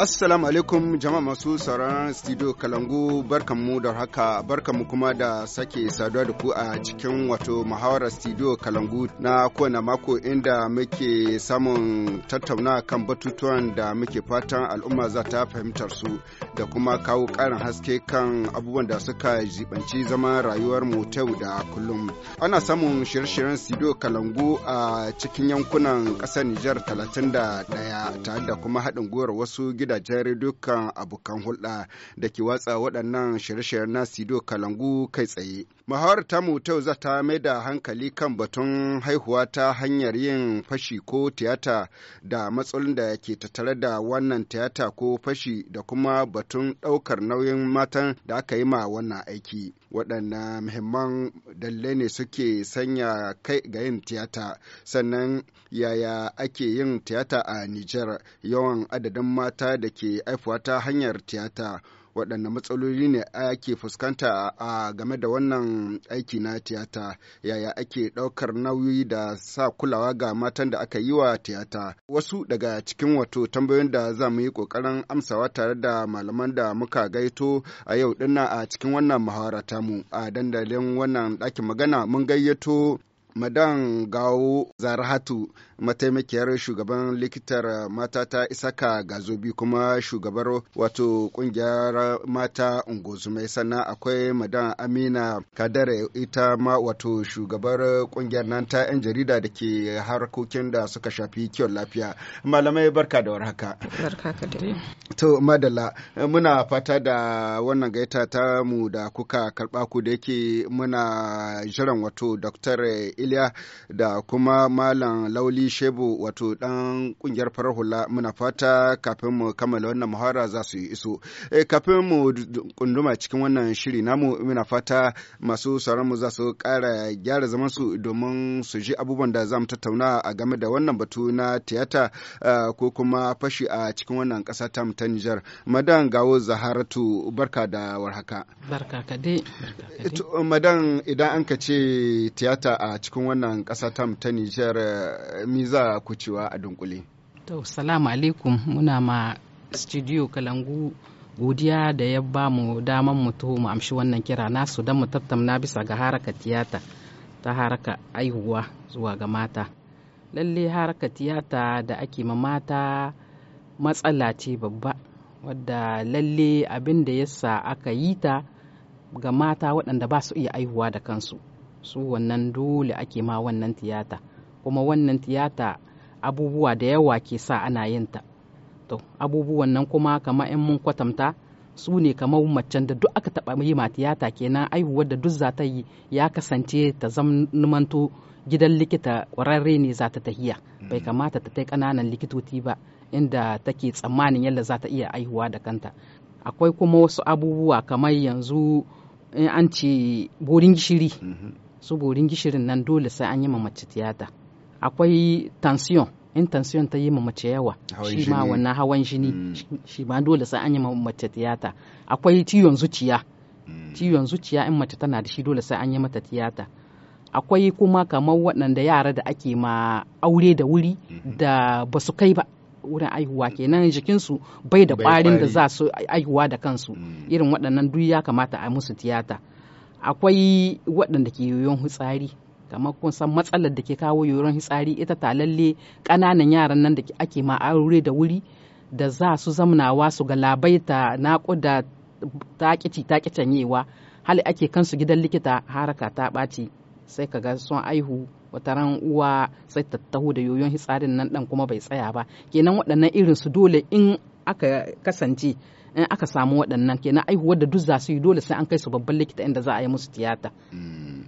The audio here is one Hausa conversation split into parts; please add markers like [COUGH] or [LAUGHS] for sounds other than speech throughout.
Assalamu alaikum jama'a masu sauraron studio Kalangu barkanmu da haka barkanmu kuma da sake saduwa da ku a cikin wato muhawarar studio Kalangu na kowane mako inda muke samun tattauna kan batutuwan da muke fatan al'umma za ta fahimtar su da kuma kawo ƙarin haske kan abubuwan da suka jibanci zama rayuwar mu ta yau da kullum. Ana samun shirye-shiryen studio Kalangu a cikin yankunan ƙasar Nijar 31 tare da kuma haɗin gwiwar wasu gidajen rediyo abokan hulɗa da ke watsa waɗannan shirye-shiryen na Sido Kalangu kai tsaye. Mahawar tamu tau za ta mai da hankali kan batun haihuwa ta hanyar yin fashi ko tiyata da matsalolin da ke tattare da wannan tiyata ko fashi da kuma batun ɗaukar nauyin matan da aka yi ma wannan aiki. Waɗanne muhimman dalilai ne suke sanya kai ga yin tiyata sannan yaya ake yin tiyata a Nijar yawan adadin mata da ke haifuwa ta hanyar tiyata. waɗanne matsaloli ne ake fuskanta a game da wannan aiki na tiyata yaya ake ɗaukar nauyi da sa kulawa ga matan da aka yi wa tiyata wasu daga cikin wato tambayoyin da za mu yi ƙoƙarin amsawa tare da malaman da muka gaito a yau dinnan a cikin wannan muhawara tamu a dandalin wannan ɗakin magana mun gayyato madan gawo zarahatu mataimakiyar shugaban likitar mata ta isaka gazobi kuma shugabar wato kungiyar mata ungozume sannan akwai madan amina kadare ita ma wato shugabar kungiyar nan ta 'yan jarida da ke harkokin da suka shafi kiwon lafiya malamai barka da warhaka to madala muna fata da wannan gaita ta mu da kuka karba ku da yake muna jiran wato dr iliya da kuma malam lauli shebu wato dan kungiyar farar hula muna fata kafin mu kammala wannan muhara za su yi iso e, kafin mu kunduma cikin wannan shiri namu muna fata masu sauran mu za su kara gyara zaman su domin su ji abubuwan da za mu tattauna a game da wannan batu na tiyata eh, ko kuma fashi a cikin wannan kasa ta ta Nijar madan gawo zaharatu barka da warhaka barka ka dai eh, madan idan an ka ce tiyata a cikin wannan ƙasa ta ta Nijar eh, mi za ku cewa a dunkule. To, salamu alaikum muna ma studio Kalangu godiya da ya ba mu daman mu taho mu amshi wannan kira nasu don mu tattauna bisa ga haraka tiyata ta haraka aihuwa zuwa ga mata. Lalle haraka tiyata da ake ma mata matsala ce babba wadda lalle abin da ya sa aka yi ta ga mata waɗanda ba su iya aihuwa da kansu su wannan dole ake ma wannan tiyata kuma wannan tiyata abubuwa da yawa ke sa ana yin ta to abubuwan nan kuma kamar in mun kwatanta su ne kamar macen da duk aka taba yi ma tiyata kenan aihuwar da duk za ta yi ya kasance ta zamanto gidan likita ƙwararre ne za ta tahiya bai kamata ta tai ƙananan likitoci ba inda take tsammanin yadda za ta iya aihuwa da kanta akwai kuma wasu abubuwa kamar yanzu in an ce burin gishiri mm-hmm. su gishirin nan dole sai an yi ma mace tiyata akwai tension in tansiyon ta yi ma mace yawa shi ma wannan hawan jini hmm. shi ma dole sai an yi ma mace tiyata akwai ciwon zuciya hmm. ciwon zuciya in mace tana da shi dole sai an yi mata tiyata akwai kuma kamar waɗanda yara da ake ma aure da wuri hmm. da ba su kai ba wurin aihuwa kenan jikinsu bai da ƙwarin da za su aihuwa da kansu irin waɗannan duk ya kamata a musu tiyata akwai waɗanda ke yoyon hutsari kamar kun san matsalar da ke kawo yoyon hutsari ita ta lalle ƙananan yaran nan da ake ma aure da wuri da za su zamnawa su ga labai ta naƙuda takici takicanyewa hali ake kansu gidan likita haraka ta ɓaci sai ka ga sun aihu wata ran uwa sai ta taho da yoyon hitsarin nan dan kuma bai tsaya ba kenan waɗannan irin su dole in aka kasance in aka samu waɗannan kenan aihuwar da duk za su yi dole sai an kai su babban likita inda za a yi musu tiyata. Mm.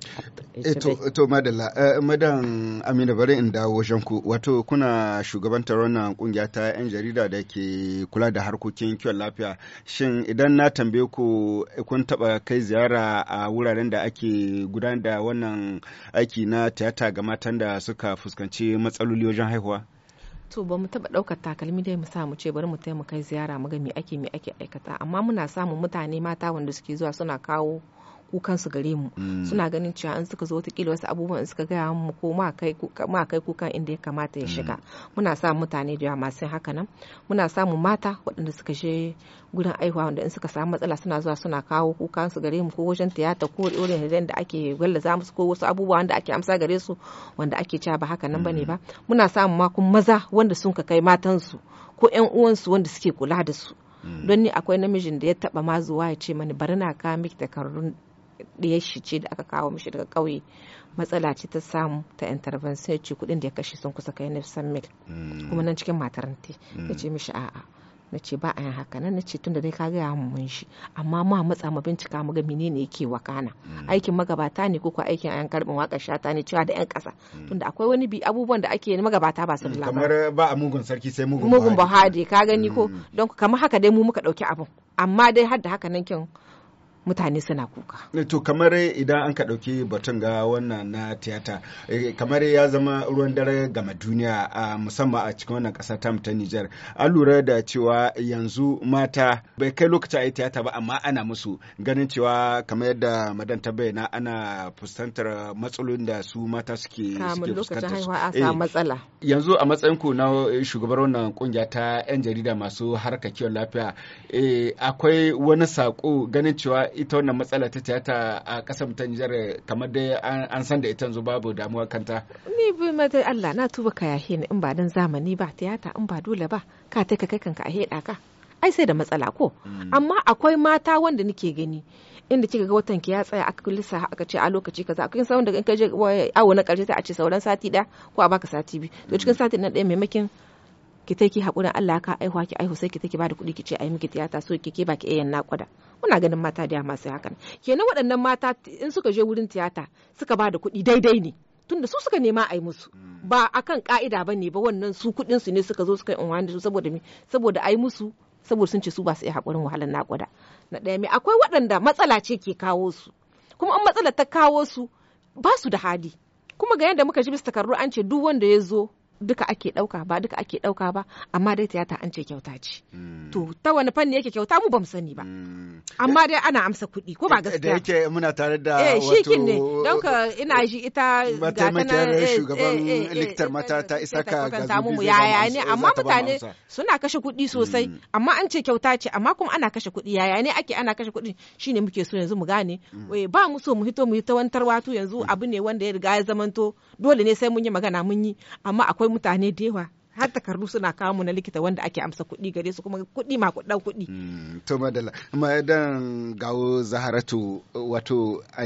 Eh, eh, to madalla eh, madan amina bari in dawo wajen ku wato kuna shugabantar wannan kungiya ta yan jarida da ke kula da harkokin kiwon lafiya shin idan na tambaye ku kun taba kai ziyara a wuraren da ake gudanar da wannan aiki na tiyata ga matan da suka fuskanci matsaloli wajen haihuwa to ba mu taba daukar takalmi dai mu sa mu ce bari mu taimaka ziyara mu ga me ake me ake aikata amma muna samun mutane mata wanda suke zuwa suna kawo kukansu gare mu mm. suna ganin cewa in suka zo kila wasu abubuwan suka gaya mu ko ma kai kukan inda ya kamata ya shiga mm. muna sa mutane da yawa masu haka nan muna samun mata waɗanda suka je gurin aihuwa wanda in suka samu matsala suna zuwa suna kawo kukansu gare mu ko wajen tiyata ko irin da ake gwallaza musu ko wasu abubuwa wanda ake amsa gare su wanda ake cewa ba haka nan bane ba mm. muna samun makon maza wanda sun ka kai matansu ko 'yan uwansu wanda suke kula da su don ni akwai namijin da ya taba ma zuwa ya ce mani bari na ka miki takardun ɗiyar shi ce da aka kawo mishi daga ƙauye matsala ce ta samu ta intervention ce kuɗin da ya kashe sun kusa kai na san mil mm. kuma nan cikin matar ta mm. ya ce mishi a'a na ce ba a yin haka nan na ce tun da dai ka gaya mu mun shi amma ma matsa mu bincika mu ga menene yake wakana mm. aikin magabata ne ko aikin ayan karbin waka shata ne cewa da yan kasa tunda akwai wani bi abubuwan da ake yi magabata ba su da kamar ba a mugun sarki sai mugun mugun bahade ka gani ko don kamar haka dai mu muka dauki abin amma dai har da haka nan kin mutane suna kuka. Eh, to kamar idan an ka ɗauki batun ga wannan na tiyata eh, kamar ya zama ruwan dare gama duniya a musamman a cikin wannan ƙasa tam ta Nijar. An lura da cewa yanzu mata bai kai lokaci a yi tiyata ba amma ana musu ganin cewa kamar yadda madan ta bayyana ana fuskantar matsalolin da su mata suke suke fuskantar su. Eh, matsala. Yanzu a matsayin ku na shugabar wannan kungiya ta 'yan jarida masu harkar kiwon lafiya akwai wani sako ganin cewa ita wannan matsala ta tiyata a kasar ta Nijar kamar dai an san da ita yanzu babu damuwa kanta. Ni bi mata Allah na tuba ka yahe ni in ba dan zamani ba tiyata in ba dole ba ka ta kai kanka a heda ka. Ai sai da matsala ko mm. amma akwai mata wanda nake gani inda kika ga watan ki ya tsaya aka kulisa aka ce a lokaci kaza akwai sauran da in ka je awo na karshe sai a ce sauran sati da ko a baka sati biyu to cikin mm. sati na ɗaya maimakin ki tai ki haƙurin Allah ka aihuwa ki aihu sai ki take bada kuɗi ki ce ayi miki tiyata so ki ke baki iyayen naƙuda muna ganin mata da masu hakan kenan waɗannan mata in suka je wurin tiyata suka bada kuɗi daidai ne tunda su suka nema a yi musu ba akan ka'ida ba ne ba wannan su kuɗin su ne suka zo suka yi unwani da su saboda me saboda a musu saboda sun ce su ba su iya haƙurin wahalar naƙuda na ɗaya me akwai waɗanda matsala ce ke kawo su kuma an matsala ta kawo su ba su da hali kuma ga yadda muka ji bisa takardu an ce duk wanda ya zo duka ake ɗauka ba duka ake ɗauka ba amma dai tiyata an ce kyauta ce mm. to ta wani fanni yake kyauta mu bamu sani ba mm. amma dai ana amsa kuɗi ko ba gaskiya da yake muna tare da eh shikin ne don ka ina ji ita ga tana eh, eh, shugaban eh, liktar mata ta isaka ga mu yaya ne amma mutane suna kashe kuɗi sosai mm. amma an ce kyauta ce amma kuma ana kashe kuɗi yaya ne ake ana kashe kuɗi shine muke so yanzu mu gane ba mu so mu hito mu hito wantar wato yanzu abu ne wanda ya riga ya zamanto dole ne sai mun yi magana mun yi amma akwai mutane da yawa har takardu suna kawo mu na likita wanda ake amsa kuɗi gare su kuma kuɗi ma ɗau kuɗi. Mm, to amma idan gawo zaharatu wato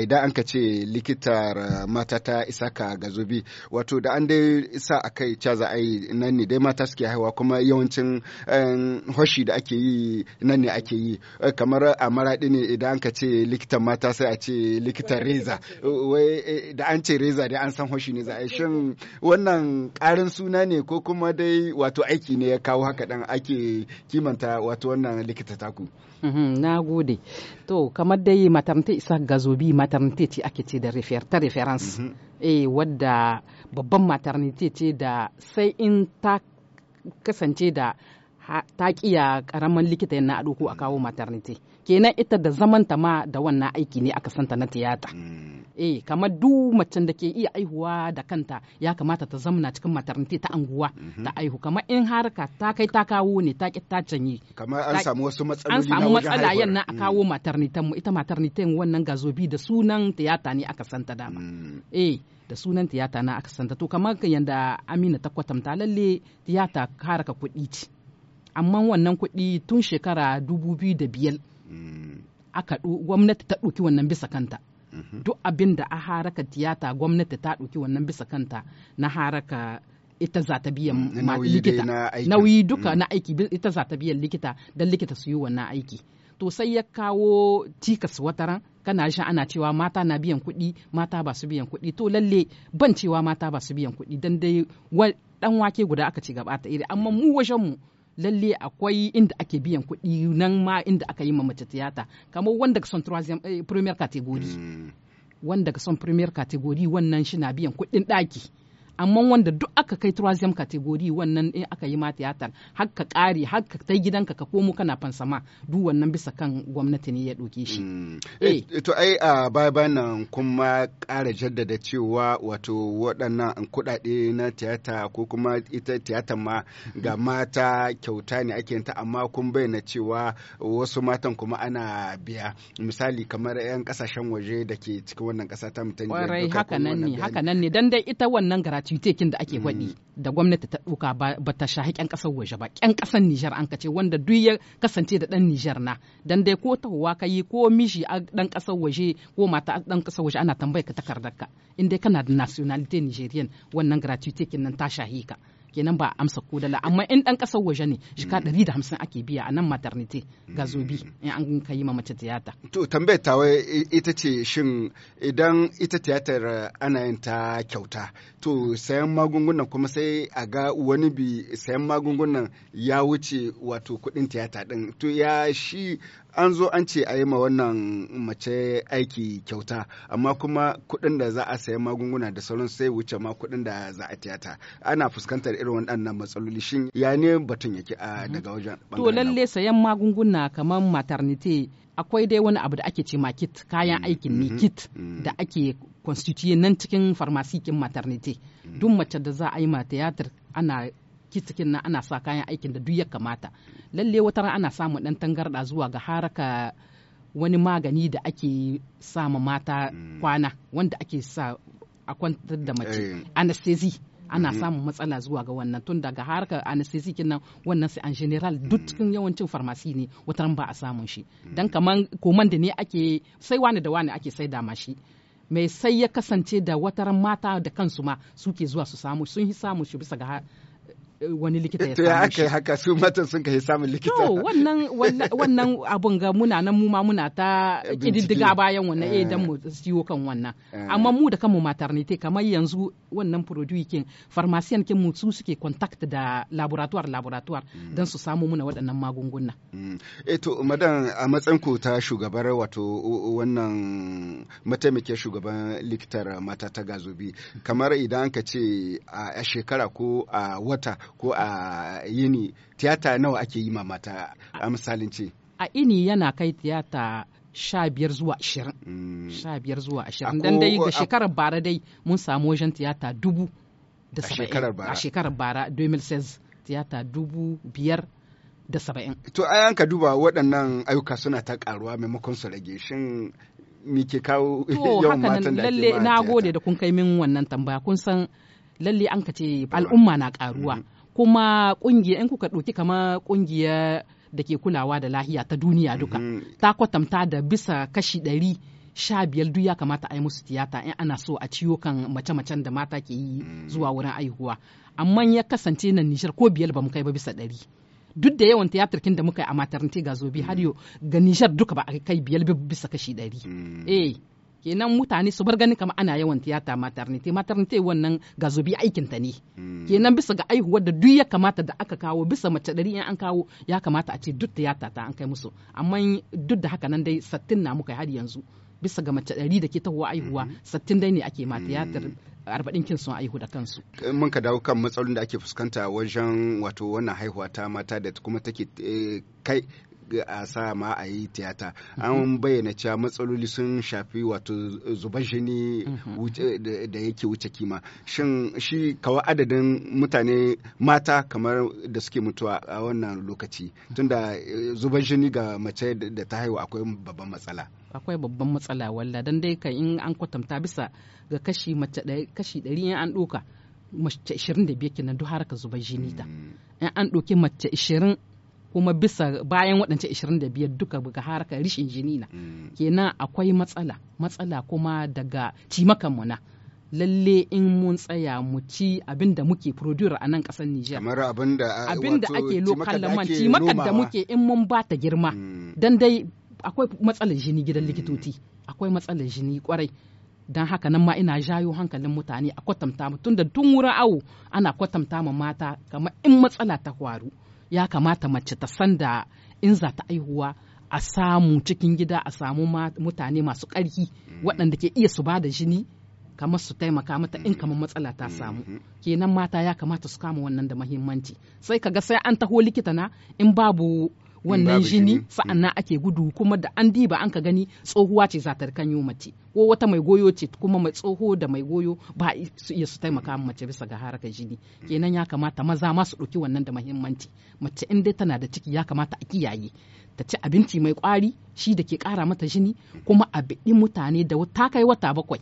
idan an ka ce likitar uh, mata ta isa ka gazobi wato da an dai isa a kai ca za a yi nan ne dai mata suke haihuwa kuma yawancin um, hoshi da ake yi nan ne ake yi eh, kamar a maraɗi ne idan an ka ce likitan mata sai a ce likitan reza wai eh, da an ce reza dai an san hoshi ne za a yi shin wannan ƙarin suna ne ko kuma da dai wato aiki ne ya kawo haka dan ake kimanta wato wannan likita taku mhm, na gode to kamar dai matamta isa gazobi matamta ce ake ce da ta reference mhm. eh wadda babban maternity ce da sai in ta kasance da ta kiya karamin likita yana a a kawo maternity kenan ita da zamanta ma da wannan aiki ne aka santa na tiyata. Mm. eh kamar duk macen da ke iya aihuwa da kanta ya kamata ta zamana cikin maternity ta anguwa mhm. ta aihu kamar in harka ta kai ta kawo ne ta ki ta canyi kamar an samu wasu matsaloli an samu matsala yan a mm. kawo maternity mu ita maternity wannan gazobi da sunan tiyata ne aka santa dama mm. eh da sunan tiyata na aka santa to kamar yanda Amina ta kwatanta lalle tiyata haraka kuɗi ce amma wannan kuɗi tun shekara dubu biyu da biyar mm. aka gwamnati ta ɗauki wannan bisa kanta Mm-hmm. duk abin da a haraka tiyata gwamnati ta ɗauki wannan bisa kanta na haraka ita za ta biyan mm, likita nauyi duka mm. na aiki ita za ta biyan likita don likita su yi wannan aiki to sai ya kawo tikas wataran kana shi ana cewa mata na biyan kuɗi mata ba su biyan kuɗi to lalle ban cewa mata ba su biyan kuɗi dan dai dan wake guda aka ci gaba ta iri amma mu wajen mu lalle akwai inda ake biyan kuɗi nan ma inda aka yi ma mace tiyata kamar wanda son eh, premier category mm. wanda son premier category wannan shi na biyan kuɗin ɗaki amma wanda duk aka kai troisième category wannan in aka yi ma tiyatar har ka kare har ka tai gidanka ka komo kana fansama duk wannan bisa kan gwamnati ne ya doke shi mm. eh, eh. to ai a baya nan kuma ƙara jaddada cewa wato waɗannan kuɗaɗe na tiyata ko kuma ita tiyatar ma ga mm-hmm. mata kyauta ne ake ta amma kun bayyana cewa wasu matan kuma ana biya misali kamar 'yan kasashen waje da ke cikin wannan ƙasa ta mutan haka nan ne haka nan ne dan dai ita wannan gara gratuity da ake faɗi mm. da gwamnati ta ɗauka ba ta shahi ƙyan ƙasar waje ba ƙyan ƙasar Nijar an kace wanda duk ya kasance da ɗan Nijar na dan dai ko tahowa ka yi ko mishi a ɗan ƙasar waje ko mata ɗan ƙasar waje ana tambayar ka takardar ka in dai kana da nationality Nigerian wannan gratuity nan ta shahi ka kenan ba amsa ko dala amma in dan kasar waje ne jika 150 ake biya a nan maternity ga zobi in an ka ma mace tiyata to tambayar ta wai ita ce shin idan ita tiyatar ana yin ta kyauta to sayan magungunan kuma sai a ga wani bi sayan magungunan ya wuce wato kuɗin tiyata din to ya shi an zo an ce a yi ma wannan mace aiki kyauta amma kuma kuɗin da za a sayi magunguna da sauran sai wuce ma kuɗin da za a tiyata ana fuskantar irin waɗannan matsaloli shin ya ne batun yake a mhm. daga wajen to lalle sayan magunguna kamar maternity akwai dai wani abu da ake ce ma kit kayan mhm. aikin ne mhm. kit da ake constituye nan cikin farmasikin maternity duk mace da za a yi ma tiyatar ana cikin nan ana sa kayan aikin da duk ya kamata lalle wata ana samun dan tangarda zuwa ga haraka wani magani da ake sama mata kwana wanda ake sa a kwantar da mace eh. anesthesia ana mhm. samun matsala zuwa ga wannan tun daga harkar anesthesi kinan wannan sai an general duk mhm. yawancin farmasi ne wataran ba a samun shi mhm. dan kaman koman da ne ake sai wani da wani ake sai ma shi mai sai ya kasance da wataran mata da kansu ma suke zuwa su samu sun yi samu shi bisa ga wani likita ya samu shi. haka su matan sun kai samun likita to wannan wannan abun ga muna nan mu ma muna ta kididdiga bayan wannan eh dan mu eh. siyo kan wannan eh. amma mu da kanmu maternity kamar yanzu wannan produit kin pharmacian kin mu su suke contact da laboratoire laboratoire hmm. dan su samu muna waɗannan magunguna hmm. eh to madan a matsayin ku ta shugabar wato wannan mataimakin shugaban likitar mata ta gazobi kamar idan ka ce a shekara ko a wata ko a yini tiyata nawa ake yi ma mata a misalin ce a ini yana kai tiyata sha biyar zuwa ashirin mm. sha biyar zuwa ashirin dan dai ga shekarar bara dai mun samu wajen tiyata dubu da saba'in a shekarar bara 2006 tiyata dubu biyar da saba'in to a yanka duba waɗannan ayyuka suna ta karuwa maimakon su rage shin me ke kawo [LAUGHS] yawan matan da ake lalle na gode da kun kai min wannan tambaya kun san lalle an ka ce al'umma na karuwa mm-hmm. kuma kungiya in kuka ɗauki kama kungiya da ke kulawa da lahiya ta duniya duka mm-hmm. ta kwatanta da bisa kashi ɗari sha biyar duk ya kamata a yi musu tiyata in ana so a ciwo kan mace-macen da mata ke yi mm-hmm. zuwa wurin aihuwa amma ya kasance nan nishar ko biyar ba mu kai ba bisa ɗari duk da yawan tiyatar da muka yi a matarin ga zobe har yau ga nishar duka ba a kai biyar bisa kashi ɗari eh kenan mutane su bar ganin kama ana yawan tiyata maternity maternity wannan gazobi aikin ta ne hmm. kenan bisa ga aihuwar da duk ya kamata da aka kawo bisa mace dari in an kawo ya kamata a ce duk tiyata ta an kai musu amma duk da haka nan dai sattin na muka har yanzu bisa ga mace dari da ke tahowa aihuwa hmm. sattin dai ne ake ma hmm. tiyatar arba'in kin sun aihu da kansu. Eh, mun ka dawo kan matsalolin da ake fuskanta wajen wato wannan haihuwa ta mata da kuma take eh, kai a sa ma a yi tiyata an mhm. bayyana cewa matsaloli sun shafi wato zubar jini mhm. da yake wuce kima shin shi kawa adadin mutane mata kamar da suke mutuwa a wannan lokaci tunda eh, zubar jini ga mace da ta haihu akwai babban matsala akwai babban matsala walla dan dai ka in an kwatanta bisa ga kashi mace kashi 100 an doka mace 25 kenan duk ka zubar jini ta mm. in an doke mace 20 kuma bisa bayan waɗance 25 duka buga harkar rishin jini na mm. kenan akwai matsala matsala kuma daga cimakanmu na lalle in mun tsaya mu ci abin da muke produra a nan kasar Nijar. Kamar abin da eh, abin da ake lokal man ci da muke in mun ba ta girma. Mm. Dan dai akwai matsalar jini gidan mm. likitoci, akwai matsalar jini kwarai. don haka nan ma ina jayo hankalin mutane a kwatanta mu da tun wurin awo ana kwatanta ma mata kamar in matsala ta kwaru. ya kamata mace ta san da in za ta aihuwa a samu cikin gida a samu mutane masu ƙarfi mm-hmm. waɗanda ke iya su ba da jini kamar su taimaka mata in mm-hmm. kamar matsala ta mm-hmm. samu kenan mata ya kamata su kama wannan da mahimmanci sai kaga sai an taho likita na in babu wannan jini sa'annan ake gudu kuma da an diba an ka gani tsohuwa ce zatar kanyo mace ko wata mai goyo ce kuma mai tsoho da mai goyo ba su iya su taimaka mace bisa ga harkar jini kenan ya kamata maza ma su ɗauki wannan da muhimmanci mace in dai tana da ciki ya kamata a kiyaye ta ci abinci mai kwari shi da ke ƙara mata jini kuma a biɗi mutane da ta kai wata bakwai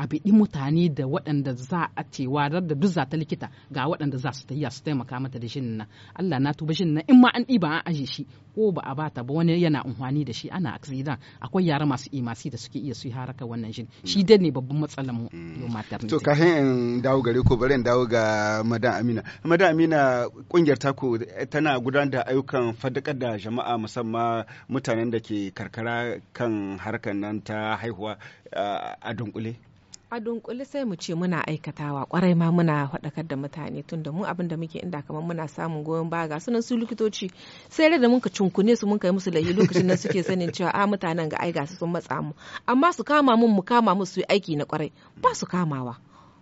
a biɗi mutane da waɗanda za a cewa da duk za ta likita ga waɗanda za su tayya su taimaka mata da shin nan Allah na tuba shin nan in ma an ɗiba an aje shi ko ba a bata ba wani yana unhwani da shi ana aksidan akwai yara masu imasi da suke iya su yi haraka wannan shin shi mm. dai ne babban matsalar mu mm. matar to hin in dawo gare ko bari in dawo ga madan Amina madan Amina kungiyar taku tana gudanar da ayyukan fadakar da jama'a musamman mutanen da ke karkara kan harkar nan ta haihuwa a dunkule a dunkule sai mu ce muna aikatawa kwarai ma muna faɗakar da mutane tun da mu abin da muke inda kamar muna samun goyon baya ga sunan su likitoci sai da ka cunkune su mun kai musu lahi lokacin nan suke sanin cewa a mutanen ga ai su sun matsa mu amma su kama mun mu kama musu aiki na kwarai ba su kamawa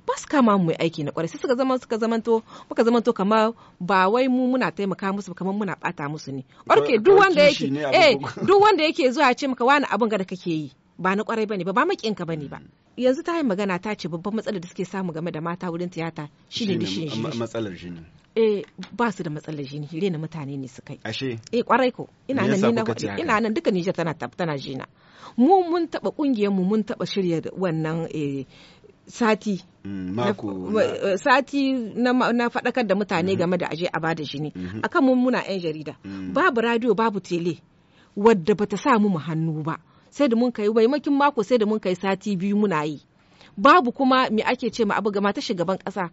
ba su kama mu aiki na kwarai sai suka zama suka to muka to kamar ba wai mu muna taimaka musu kamar muna bata musu ne orke duk wanda yake eh duk wanda yake zuwa ya ce maka wani abin ga da kake yi ba na kwarai bane ba ba makinka bane ba yanzu ta yi magana ta ce babban matsalar da suke samu game da mata wurin tiyata ne dishin jini matsalar jini eh ba su da matsalar jini na mutane ne su kai ashe eh kwarai ko ina nan ni na ina nan duka Niger tana tana jina mu mun taba kungiyar mu mun taba shirya wannan eh sati mm, eh, sati na, fadakar faɗakar da mutane mm-hmm. game da aje a bada jini mm-hmm. akan mun muna 'yan jarida mm. babu radio babu tele wadda bata sa mu hannu ba sai da mun kai maimakin mako sai da mun kai sati biyu muna yi babu kuma me ake ce ma abu gama ta shugaban kasa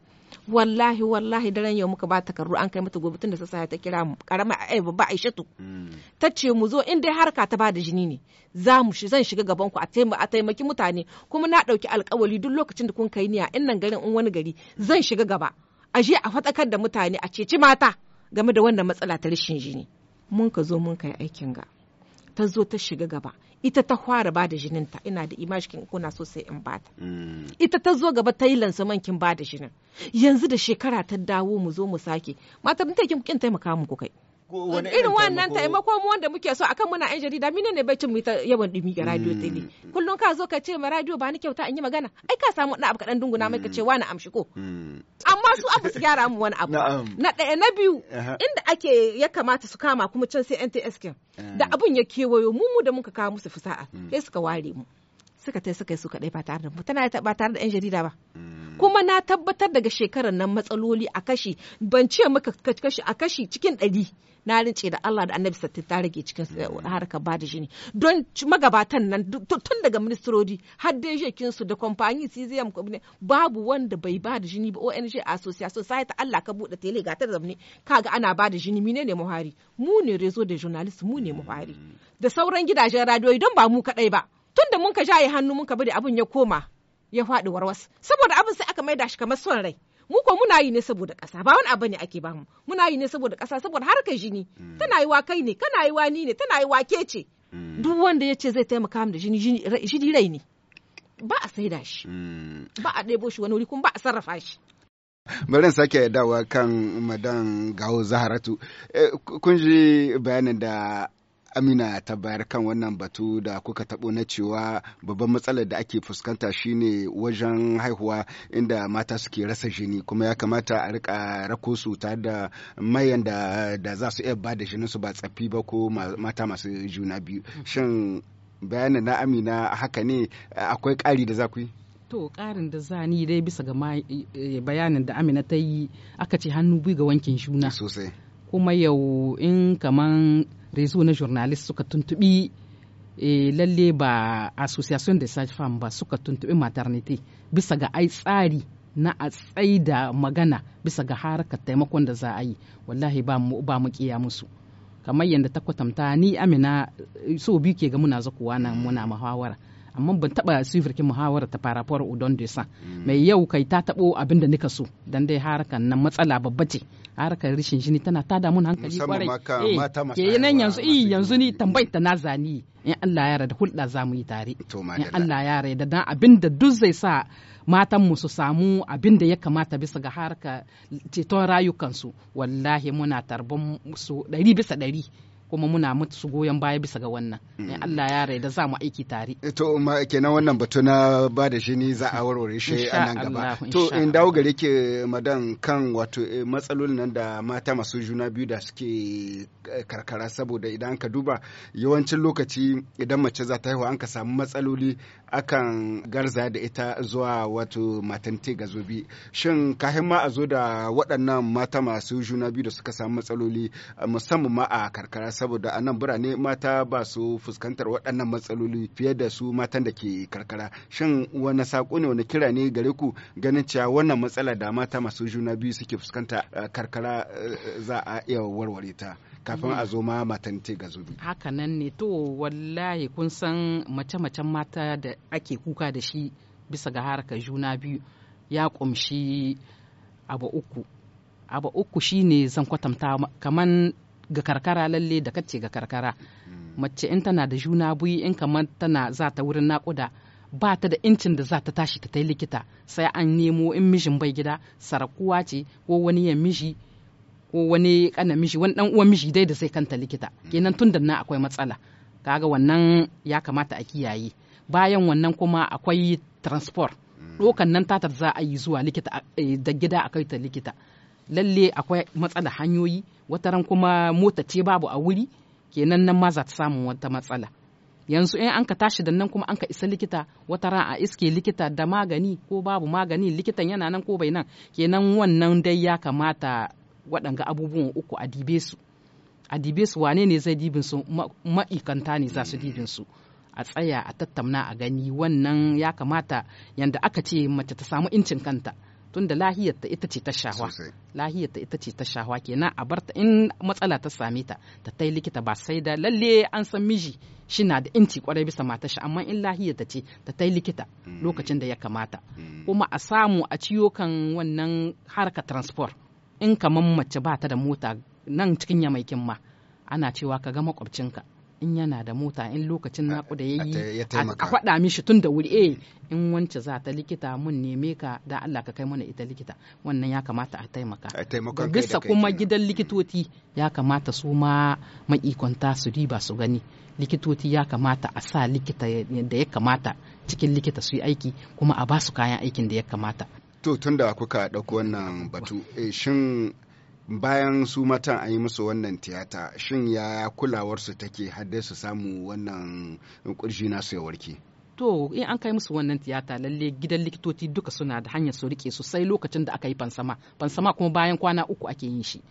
wallahi wallahi daren yau muka ba karu an kai mata gobe tun da sassa ta kira mu karama ai babba Aishatu hmm. ta ce mu zo in dai harka ta bada jini ne za mu shi zan shiga gaban ku a taimaki mutane kuma na dauki alkawali duk lokacin da kun kai niya in nan garin in wani gari zan shiga gaba a je a faɗakar da mutane a ceci mata game da wannan matsala ta rashin jini mun ka zo mun kai aikin ga ta zo ta shiga gaba ita ta fara ba da jininta ina da imashin kuna so sai in bata mm. ita ta zo gaba ta yi lansaman kin ba da jinin yanzu da shekara ta dawo mu zo mu sake matar kin taimaka mu ku kai Mm, irin wannan taimako mu wanda muke so akan muna yan jarida mine ne bai mu ta yawan dumi ga radio mm. tele kullun ka zo ka ce ma radio ba ni kyauta in yi magana ai ka samu dan abu kadan dunguna mai ka ce mm. wani amshi ko amma su abu su gyara mu wani abu na ɗaya na biyu inda ake ya kamata su kama kuma can sai NTS kin da abun ya kewayo mu mu da muka kawo musu fasaha sai suka ware mu suka tai suka yi su kaɗai ba tare da mu tana ba tare da 'yan jarida ba mm. kuma na tabbatar daga shekarar nan matsaloli a kashi ban ce maka kashi a kashi cikin ɗari na rince da Allah da annabi sattin ta rage cikin mm. harkar ba da jini don magabatan nan tun daga ministrodi har da su da kamfani cesium babu wanda bai ba da jini ba ONG association sai ta Allah ka bude tele ga ta zamne kaga ana ba da jini mine ne muhari mu ne rezo da journalist mu ne muhari mm. da sauran gidajen radiyoyi don ba mu kadai ba tun da mun ka jaye hannu mun ka bari abin ya koma ya faɗi warwas saboda abin sai aka maida shi kamar son rai mu ko muna yi ne saboda ƙasa ba wani abu ne ake bamu muna yi ne saboda ƙasa saboda harka jini mm. tana yi wa kai ne kana yi wa ni ne tana yi wa ke ce mm. duk wanda ya ce zai taimaka mu da jini jini rai ne ba a saida shi mm. ba a ɗebo shi wani wuri kuma ba a sarrafa shi bari sake dawa kan madan gawo zaharatu eh, kun ji bayanin da amina ta bayar kan wannan batu da kuka tabo na cewa babban matsalar da ake fuskanta shine wajen haihuwa inda mata suke rasa jini kuma ya kamata a rika rako su tare da mayan da za su iya ba da jinin su ba tsaffi ba ko mata masu juna biyu shin bayanin na amina haka ne akwai ƙari da za ku yi to ƙarin da za ni dai bisa ga eh, bayanin da amina ta yi aka ce hannu bi ga wankin juna sosai kuma yau in kaman réseau na journaliste suka tuntubi e, eh, lalle ba association de sage femme ba suka tuntuɓi maternité bisa ga ai tsari na a tsaida magana bisa ga harkar taimakon da za a yi wallahi ba mu kiya musu kamar yadda ta kwatanta ni amina eh, so biyu ke ga muna zakuwa nan muna muhawara amma ban taba ki muhawara ta farafuwar udon da sa mm. mai yau kai ta tabo abin da nika so dan dai nan matsala babba ce harkar rishin jini tana tada mun hankali kwarai eh nan yanzu eh yanzu ni tambayar ta na zani in Allah ya yarda hulɗa za mu yi tare in Allah ya yarda dan abin da duk zai sa matan mu su samu abin da ya kamata bisa ga harka ceton rayukansu wallahi muna tarbon su ɗari bisa ɗari kuma muna mutu goyon baya bisa ga wannan mm. in Allah ya rai da za mu aiki tare eh, to kenan wannan batu na ba da shi ni za a warware shi a nan gaba to in dawo gare ke madan kan wato eh, matsalolin nan da mata masu juna biyu da suke eh, karkara saboda idan ka duba yawancin lokaci idan mace za ta haihu an ka samu matsaloli akan garza da ita zuwa wato matan zobi shin kahin ma a zo da waɗannan mata masu juna biyu da suka samu matsaloli musamman ma a karkara saboda a nan birane mata ba su fuskantar waɗannan matsaloli fiye da su matan da ke karkara shin wani saƙo ne wani kira ne gare ku ganin cewa wannan matsala da mata masu juna biyu suke fuskanta karkara eh, za a iya warware ta kafin a zo ma matante ga zubi haka nan ne to wallahi kun san mace-macen mata da ake kuka da shi bisa ga harkar juna biyu ya ƙumshi abu uku abu uku shine zan kwatanta kaman ga karkara lalle da kace ga karkara mm. mace in tana da juna biyu in kamar tana za ta wurin nakuda ba ta da incin da za ta tashi ta tai likita sai an nemo in mijin bai gida sarakuwa ce ko wani ya miji ko wani kana miji wani dan uwan miji dai da sai kanta likita mm. kenan tun da nan akwai matsala kaga wannan ya kamata a kiyaye bayan wannan kuma akwai transport dokan mm. nan tatar za a yi zuwa likita eh, da gida a kai ta likita lalle akwai matsala hanyoyi wata ran kuma mota ce babu a wuri kenan nan ma za ta samu wata matsala yanzu in an ka tashi da nan kuma an ka isa likita wata ran a iske likita da magani ko babu magani likitan yana nan ko bai nan kenan wannan dai ya kamata waɗanga abubuwan uku a dibe su a dibe su wane ne zai dibin su ma'ikanta ne za su dibin su a tsaya a tattamna a gani wannan ya kamata yanda aka ce mace ta samu incin kanta tunda lahiyar ta ita ce ta shawa lahiyar ita ce ta shawa kenan a barta in matsala ta same ta ta tai likita ba sai da lalle an san miji shi na da inci kwarai bisa matar shi amma in lahiyar ta ce ta tai likita mm. lokacin da ya kamata mm. kuma a samu a ciyo kan wannan harka transport in kamar mace ba ta da mota nan cikin yamaikin ma ana cewa ka ga makwabcinka in yana da mota in lokacin nakuda yayi a faɗa mishi tun da wuri eh in wance za ta likita mun neme ka da Allah ka kai mana ita likita wannan ya kamata a taimaka da bisa kuma gidan likitoti ya kamata su ma ma'ikonta su riba su gani likitoti ya kamata a sa likita da ya kamata cikin likita su yi aiki kuma a ba su kayan aikin da ya kamata to da kuka ɗauko wannan batu eh, shin bayan su matan a yi musu wannan tiyata shin ya kulawarsu take haddai su samu wannan kurji nasu ya warke to in an kai musu wannan tiyata lalle gidan likitoci duka suna da hanyar su rike sosai lokacin da aka yi fansama fansama kuma bayan kwana uku ake yin shi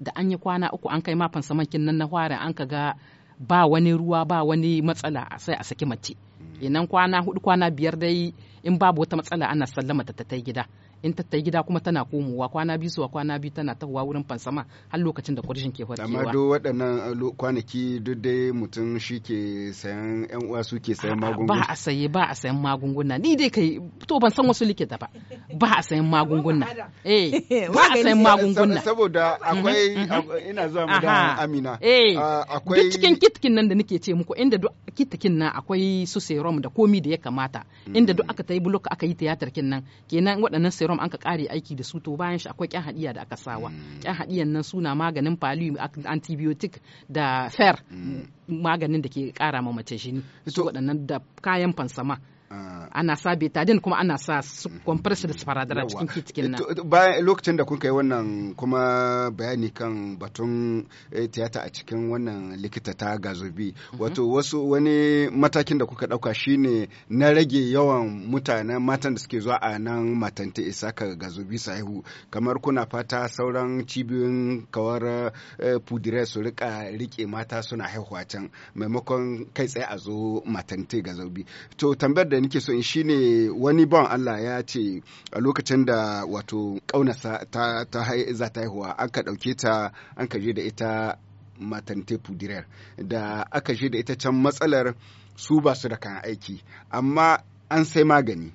da an yi kwana uku an kai ma fansaman kin nan na hwara an ka ga ba wani ruwa ba wani matsala sai a saki mace inan mm. kwana hudu kwana biyar dai in babu wata matsala ana sallama ta ta gida in ta tayi gida kuma tana komowa kwana biyu zuwa kwana biyu tana tahowa wurin fansama har lokacin da kurishin ke farkewa amma duk waɗannan uh, kwanaki duk dai mutum shi ke sayan yan uwa su ke sayan magunguna ba a saye ba a sayan magunguna ni dai kai to ban san wasu likita ba ba a sayan magunguna eh [LAUGHS] ba a sayan magunguna saboda mhm, akwai mhm. ina zuwa mu da Amina eh ah, akwai cikin kitkin nan da nake ce muku inda duk kitkin nan akwai su serum da komi da ya kamata mm. inda duk aka tai block aka yi tiyatar kin nan kenan waɗannan serum an ka kare aiki da su to bayan shi akwai kyan hadiya da aka sawa mm. kyan hadiyan nan suna maganin palium antibiotic da fer mm. maganin da ke kara ma mace ne. su waɗannan da kayan fansama ah. ana sa betadine kuma ana sa mm-hmm. compressed cikin kit kin nan bayan lokacin da kuka yi wannan kuma bayani kan batun eh, tiyata a cikin wannan likita ta gazobi mm-hmm. wato wasu wani matakin da kuka dauka shine na rage yawan mutane matan da suke zuwa a nan matanta ka gazobi sahihu kamar kuna fata sauran cibiyoyin kawar eh, pudire su rika rike mata suna haihuwa can maimakon kai tsaye a zo matanta gazobi to tambayar da nake so in shine wani ban Allah ya ce a lokacin da wato ƙaunasa ta ta za ta haihuwa an ka ɗauke ta an ka je da ita matante direr da aka je da ita can matsalar su ba su da kan aiki amma an sai magani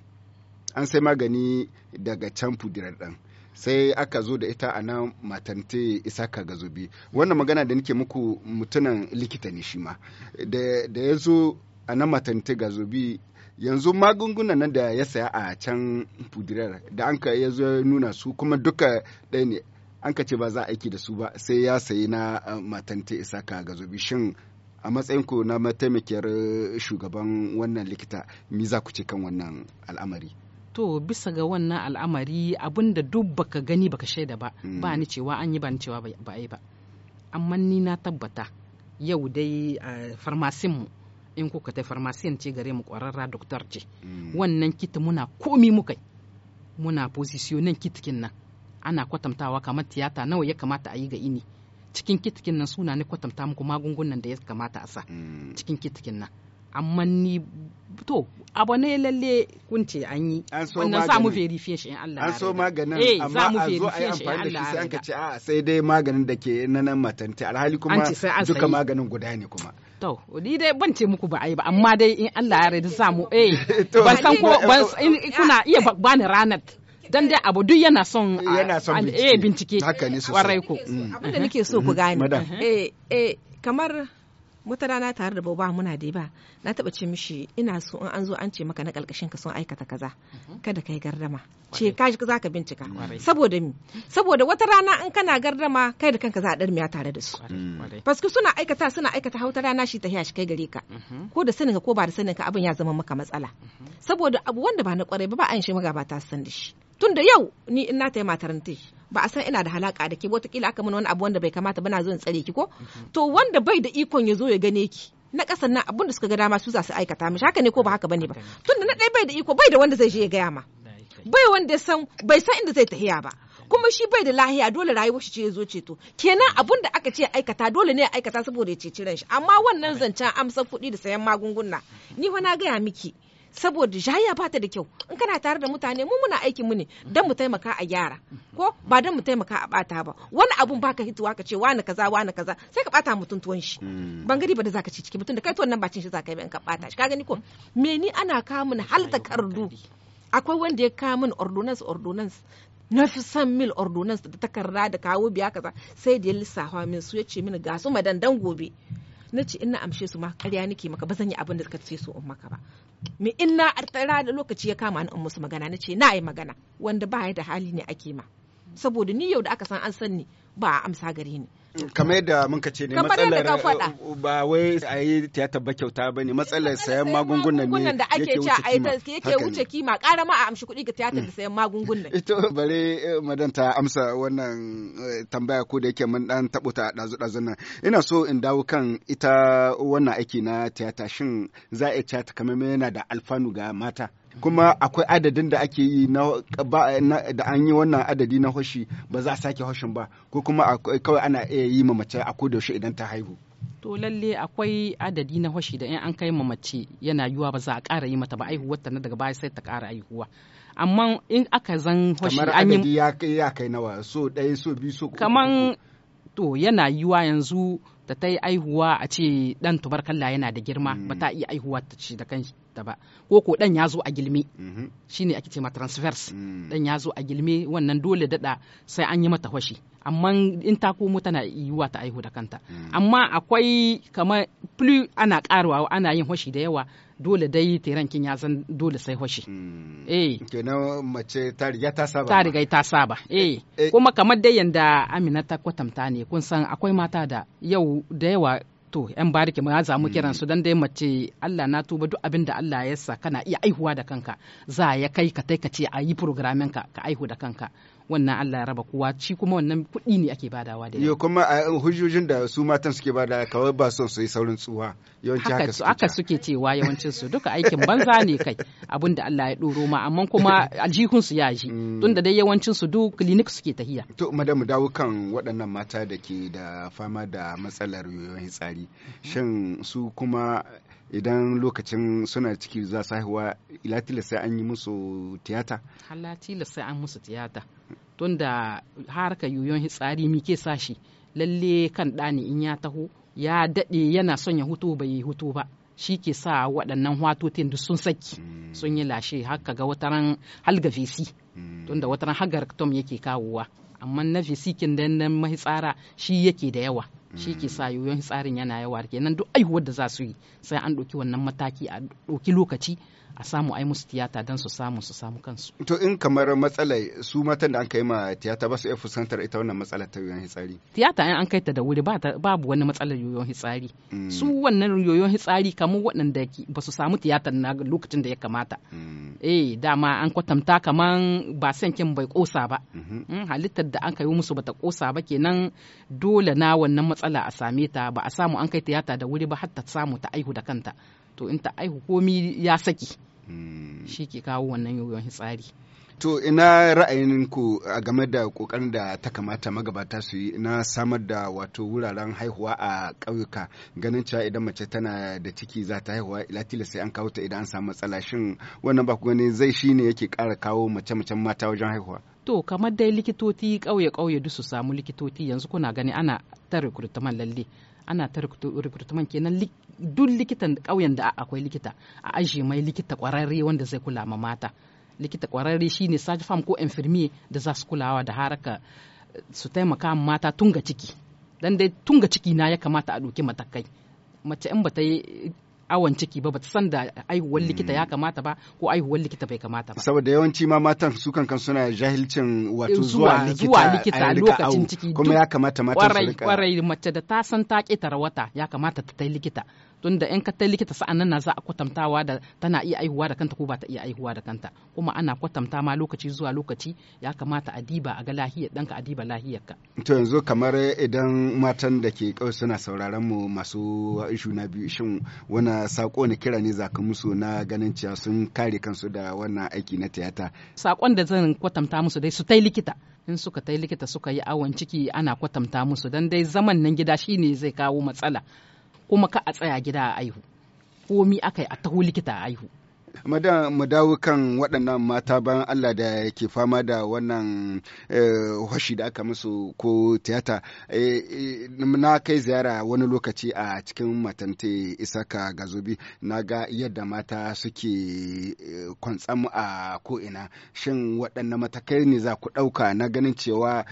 an sai magani daga can pudirar ɗin sai aka zo da ita a nan matante isaka gazobi wannan magana da nake muku mutunan likita ne shi ma da ya zo a nan matante gazobi yanzu magungunan nan da ya saya a can fudirar da an ka ya zo nuna su kuma duka ɗaya ne an ka ce ba za a aiki da su ba sai ya sayi na eh, ka ga zubi shin a matsayin ku na mataimakiyar eh, shugaban wannan likita mi za ku ce kan wannan al'amari to bisa ga wannan al'amari abinda duk baka gani baka shaida ba mm. ba ni cewa an yi ba ni cewa ba yi ba amma ni na tabbata yau dai a eh, farmasin mu in kuka ta farmasiyan ce gare mu kwararra doktor ce mm. wannan kit muna komi mukai muna positionin kitkin nan ana kwatantawa kamar tiyata nawa ya kamata a yi ga ini cikin kitkin nan suna ne kwatanta muku magungunan da ya kamata a sa mm. cikin kitkin nan amma ni to abu ne lalle kun ce an yi wannan samu verification Allah an so maganin eh, amma a zo a yi amfani da shi sai an ka ce a sai dai maganin da ke nan matanti alhali kuma duka maganin guda ne kuma to ni dai ban ce muku ba ai ba amma dai in Allah ya rada samu eh [LAUGHS] ban san ko ban kuna iya bani ranar dan dai abu duk yana son yana son eh, bincike haka ne sosai kwarai ko abin da nake so ku mm. gane mm. eh eh kamar wata rana tare da baba muna da ba na taba ce mishi ina so in an zo an ce maka na kalkashin ka sun aikata kaza mhm. kada kai gardama ce ka za ka bincika saboda mi saboda wata rana in kana gardama kai da kanka za a darmiya tare da su paske mm. suna aikata suna aikata hauta rana shi ta hiya shi kai gare ka mhm. ko da sanin ka ko ba da sanin ka abin ya zama maka matsala mhm. saboda abu wanda ba na kwarai ba ba a yin shi maga ba ta san da shi tun da yau ni in na ta yi ba a san ina da halaka da ke wataƙila aka mana wani abu wanda bai kamata ba na in tsare ki ko mhm. to wanda bai da ikon ya zo ya gane ki na ƙasar nan abin da suka ga dama su za su aikata mishi haka ne ko ba haka bane ba tun da na ɗaya bai da iko bai da wanda zai je ya gaya ma bai wanda san bai san inda zai tahiya ba kuma shi bai da lahiya dole rayuwar shi ce ya zo ceto kenan abun da aka ce aikata dole ne aikata saboda ya ce ciran shi amma wannan zancen amsar kuɗi da sayan magunguna ni fa na gaya miki saboda jaya bata da kyau in kana tare da mutane mu muna aikin mu ne dan mu taimaka a gyara ko ba dan mu taimaka a bata ba wani abun baka hituwa ka ce wani kaza wani kaza sai ka bata mutun tuwon shi hmm. ban gari ba da zaka ci ciki mutun da kai tuwon nan cin shi zaka yi in ka bata shi ka gani ko me ni ana kamun hal kardu akwai wanda ya kamun ordonance ordonance na fi son mil ordonance da takarda da kawo biya kaza sai da ya lissafa min su ya ce mini ga su madandan gobe na ce ina amshe su ma karya nake maka ba zan yi abin da ka ce su in maka ba mi in na da lokaci ya kama ni in musu magana na ce na yi magana wanda ba da hali ne ake ma saboda ni yau da aka san an san ni ba a amsa gare ni kamar yadda muka ce ne matsalar uh, ba wai a yi tiyata ba kyauta ba ne matsalar sayan magungunan ne da ake ce a yake wuce kima ƙara ma a amshi kuɗi ga tiyatar da sayan magungunan [LAUGHS] ito bare eh, madan ta amsa wannan eh, tambaya ko da yake mun dan tabo ta dazu dazu nan ina so in dawo kan ita wannan aiki na tiyata shin za a yi tiyata kamar yana da alfanu ga mata kuma akwai adadin da ake yi da an yi wannan adadi na hoshi ba za a sake hoshin ba ko kuma kawai ana iya yi ma mace a yaushe idan ta haihu to lalle akwai adadi na hoshi da in an kai ma mace yana yiwuwa ba za a ƙara yi mata ba aihuwar ta na daga baya sai ta ƙara aihuwa amma in aka zan hoshi an yi ya kai nawa so ɗaya so biyu so kamar to yana yiwa yanzu da ta yi aihuwa a ce dan tubarkalla yana da girma mm. ba ta iya aihuwa ta ce da kan ta ba ko ko dan ya zo a gilme mm-hmm. shine ake ce ma transfers dan mm. ya zo a gilme wannan dole daɗa sai an yi mata washi amma in ta komo tana yiwuwa ta aihu da kanta mm. amma akwai kamar plu ana karawa ana yin washi da yawa dole dai teran kin ya zan dole sai hoshi hmm. eh kenan mace ta ta saba ta ta saba eh, eh. eh kuma kamar dai yanda Amina ta kwatanta ne kun san akwai mata da yau da yawa to yan bariki ma za mu hmm. kiran su dan dai mace Allah na tuba duk abin da Allah ya sa kana iya aihuwa da kanka za ya kai ka tai ka ce a yi programin ka ka aihu da kanka wannan Allah ya raba kowa ci kuma wannan kuɗi ne ake badawa da yau kuma a hujjojin da su matan suke bada kawai ba son su yi saurin tsuwa yawanci haka suke haka suke cewa yawancin su duka aikin banza ne kai abin da Allah ya doro ma amma kuma aljihun su ya ji mm. tunda dai yawancin su duk clinic suke tahiya to madam mu dawo kan waɗannan mata da ke da fama da matsalar yoyon tsari mm-hmm. shin su kuma idan lokacin suna ciki za su haihuwa ilatila sai an yi musu tiyata halatila sai an musu tiyata tunda harka yoyon hitsari sa shi lalle kan ɗani in ya taho ya daɗe yana son ya hutu bai hutu ba shi ke sa waɗannan watotin duk sun saki mm. sun yi lashe haka ga wataran halga vesi mm. tunda wataran hagar tom yake kawowa amma na vesi kin da mahitsara shi yake da yawa shi ke sa yoyon tsarin yana yawa kenan duk aihuwar da za su yi sai an ɗauki wannan mataki a ɗauki lokaci a samu ai musu tiyata don su samu su samu kansu. To in kamar matsala su matan da an kai ma tiyata ba su iya fuskantar ita wannan matsalar ta yoyon hitsari. Tiyata an kai ta da wuri babu wani matsalar yoyon hitsari. Mm. Su wannan yoyon hitsari kamar waɗanda ba su samu tiyata na lokacin da ya kamata. Mm. Eh dama an kwatanta kaman ba san kin bai kosa ba. Mm-hmm. Mm, halittar da an kai musu bata kosa ba kenan dole na wannan matsala a same ta ba a samu an kai tiyata da wuri ba har ta samu ta aihu da kanta. to in ta aihu komi ya saki hmm. shi ke kawo wannan yoyon hitsari to ina ra'ayin ku a game da kokarin da ta kamata magabata su yi na samar da wato wuraren haihuwa a ƙauyuka ganin cewa idan mace tana da ciki za ta haihuwa ilatila sai an kawo ta idan an samu matsala shin wannan ba ku gani zai shine yake ƙara kawo mace-macen mata wajen haihuwa to kamar dai likitoci ƙauye-ƙauye duk su samu likitoci yanzu kuna gani ana ta recruitment lalle ana ta recruitment kenan duk likitan ƙauyen da akwai likita a ajiye mai likita ƙwararre wanda zai kula ma mata likita ƙwararre shine surge farm ko infirmiye da za su kulawa da haraka su taimaka mata tunga ciki dan dai tunga ciki na ya kamata a ɗauki matakai mace in ba ta yi awon ciki ba bata san da aihuwar likita ya hmm. kamata ba ko aihuwar likita bai kamata ba saboda yawanci ma matan su kankan suna jahilcin wato eh, zuwa likita lokacin ciki kuma ya kamata matan su kwarai mace da ta san ta ƙetare wata ya kamata ta tai likita tunda in ka ta likita sa'an nan za a kwatantawa da tana iya aihuwa da kanta ko ba ta iya aihuwa da kanta kuma ana kwatanta ma lokaci zuwa lokaci ya kamata a diba a ga lahiyar danka a diba lahiyar ka to yanzu kamar idan matan da ke kawai suna sauraron mu masu na biyu shin wani sako ne kira ne zaka musu na ganin cewa sun kare kansu da wannan aiki na tiyata sakon da zan kwatanta musu dai su tai likita in suka tai likita suka yi awon ciki ana kwatanta musu dan dai zaman nan gida shine zai kawo matsala kuma ka a tsaya gida a aihu komi aka yi a taho likita a aihu madan mu dawo kan waɗannan mata ban Allah da ke fama da wannan washi eh, da aka musu ko tiyata eh, eh, na kai ziyara wani lokaci a cikin matante isaka gazobi na ga yadda mata suke kwantsam a ko'ina shin waɗannan matakai ne za ku ɗauka na ganin cewa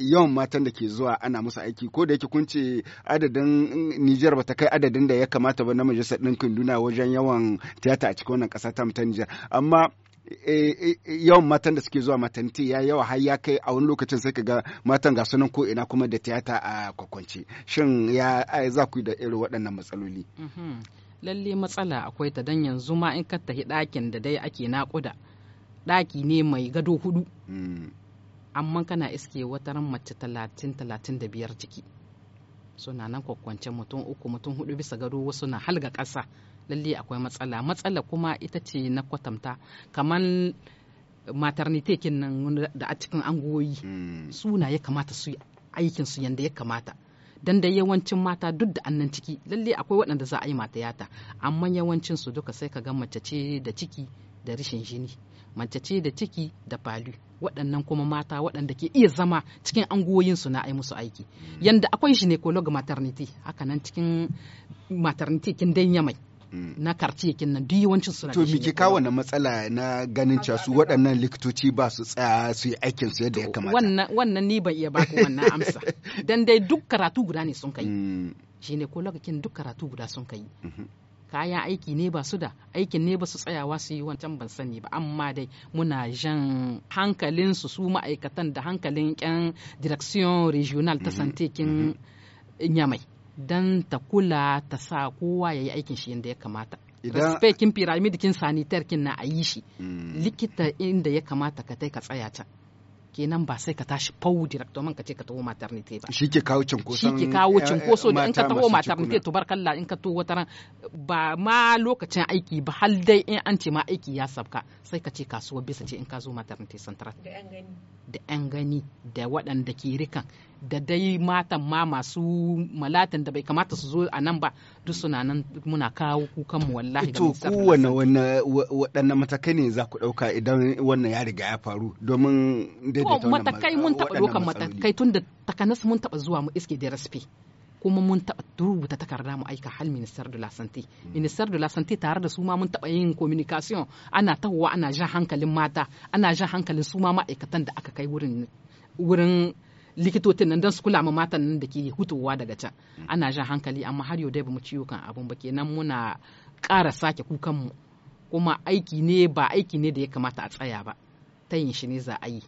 yawan matan da ke zuwa ana musu aiki ko da yake kun ce adadin nijar ba ta kai adadin da ya kamata ba na majalisar ɗinkin duna wajen yawan tiyata a cikin wannan ƙasa matasa ta mutan jiya amma e, e, e, yawan matan da suke zuwa matanti ya yawa har ya kai a wani lokacin sai ka ga matan ga sunan ko ina kuma da tiyata a kwakwance shin ya za ku da irin waɗannan matsaloli mhm. lalle matsala akwai ta dan yanzu ma in ka tafi ɗakin da dai ake naƙuda ɗaki ne mai gado hudu mm. amma kana iske wataran mace talatin talatin da biyar ciki suna nan kwakwance mutum uku mutum hudu bisa gado wasu na halga ƙasa lalle akwai matsala matsala kuma ita ce na kwatanta kamar maternity nan da a cikin angoyi hmm. suna ya kamata su aikin su yanda ya kamata dan da yawancin mata duk da annan ciki lalle akwai waɗanda za a yi mata yata amma yawancin su duka sai ka ga mace ce da ciki da rishin jini mace ce da ciki da falu waɗannan kuma mata waɗanda ke iya zama cikin su na ai musu aiki hmm. yanda akwai gynecolog maternity haka nan cikin maternity kin danya mai Mm. na yakin nan duk yawancin suna to miki kawo wannan matsala na ganin cewa su waɗannan likitoci ba su tsaya su yi aikin su yadda ya kamata wannan wannan ni ban iya baku wannan amsa [LAUGHS] dan dai duk karatu guda ne sun kai mm. shine ko lokacin duk karatu guda sun kai mm-hmm. kayan aiki ne ba su da aikin ne ba su tsayawa su yi wancan ban sani ba amma dai muna jan hankalin su su ma'aikatan da hankalin yan direction regional ta mm-hmm. santekin mm-hmm. nyamai don ta kula ta sa kowa ya yi aikin shi yadda ya kamata Respekin pyramid kin sanitar kin na a yi shi hmm. likita inda ya kamata ka tai ka tsaya can kenan ba sai ka tashi fau directement ka ce ka taho maternity ba shike kawo cinkoson shike kawo cinkoso da in ka taho maternity to barkalla in ka taho wata ran ba ma lokacin aiki ba hal dai in an ce ma aiki ya sabka sai ka ce kasuwa bisa ce in ka zo maternity gani. da 'yan gani da waɗanda ke rikan da dai matan ma masu malatan da bai kamata su zo a nan ba duk suna nan muna kawo kukan mu wallahi to ku wanne waɗanne matakai ne za ku ɗauka idan wannan ya riga ya faru domin daidaita wannan matakai mun taɓa ɗaukan matakai tun da takanas mun taɓa zuwa mu iske da rasfi kuma mun taɓa rubuta takarda mu aika hal minister de la santé hmm. minister de la santé tare da su ma mun taɓa yin communication ana tahowa ana jan hankalin mata ana jan hankalin su ma ma'aikatan da aka kai wurin wurin likitocin nan don su kula ma matan nan da ke hutuwa daga can hmm. ana jan hankali amma har yau dai bamu ciwo kan abun ba kenan muna ƙara sake kukan mu kuma aiki ne ba aiki ne da ya kamata a tsaya ba ta yin shi ne za a yi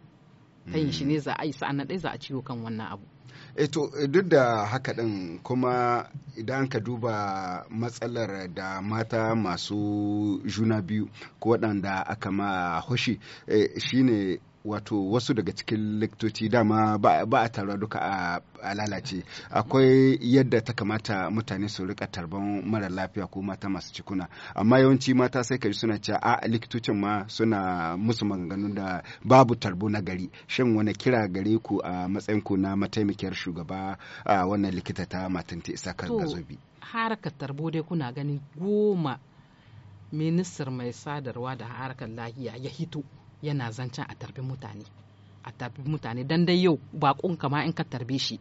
ta yin shi ne mm. za a yi sa'an ɗaya za a ciwo kan wannan abu eto eh, eh, duk da haka ɗin kuma idan ka duba matsalar da mata masu juna biyu ko waɗanda aka ma hoshi eh, shine wato wasu daga cikin likitoci dama ba, a taruwa duka a, lalace akwai yadda ta kamata mutane su rika tarban mara lafiya ko mata masu cikuna amma yawanci mata sai kaji suna cewa a likitocin ma suna musu maganganu da babu tarbo na gari shin wani kira gare ku a matsayin ku na mataimakiyar shugaba a wannan likita ta matanti isa kan gazobi harkar tarbo dai kuna ganin goma ministar mai sadarwa da harkar lafiya ya hito yana zancen a tarbi mutane a tarbi mutane dan dai yau bakon kama in ka tarbe shi